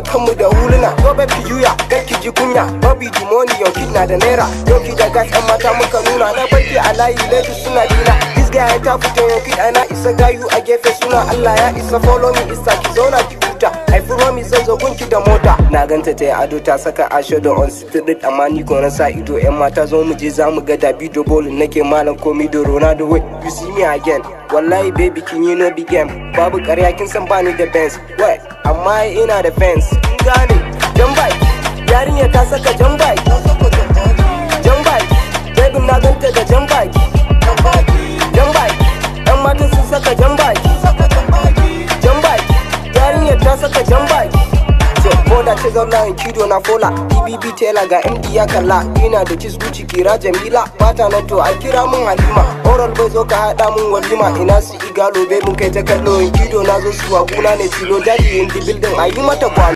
kanmu da huluna gobe ki juya kai ki ji kunya babi jimoni yau na da naira yau da gas 'yan mata muka nuna na barki a layi ladies suna dina isga ya ta fito yau kida na isa gayu a gefe suna Allah ya isa follow me isa ki zauna ki huta I promise zan zo gunki da mota na ganta ta yi ado ta saka ashodo on street a ni ko sa ido yan mata zo mu je za mu ga Davido ball nake malam komi da Ronaldo wait you see me again wallahi baby kin yi no big game babu karya kin san bani da Benz what amma ina da fans gane jan baki yarinya ta saka jan na ce zauna in kido na fola BBB tela ga MD ya kalla Ina da kis Gucci kira Jamila Bata na to a kira mun Halima Oral bai zo ka haɗa mun walima Ina su igalo bai mun kai ta kallo in kido na zo suwa kuna ne tilo daji in di building a yi mata kwano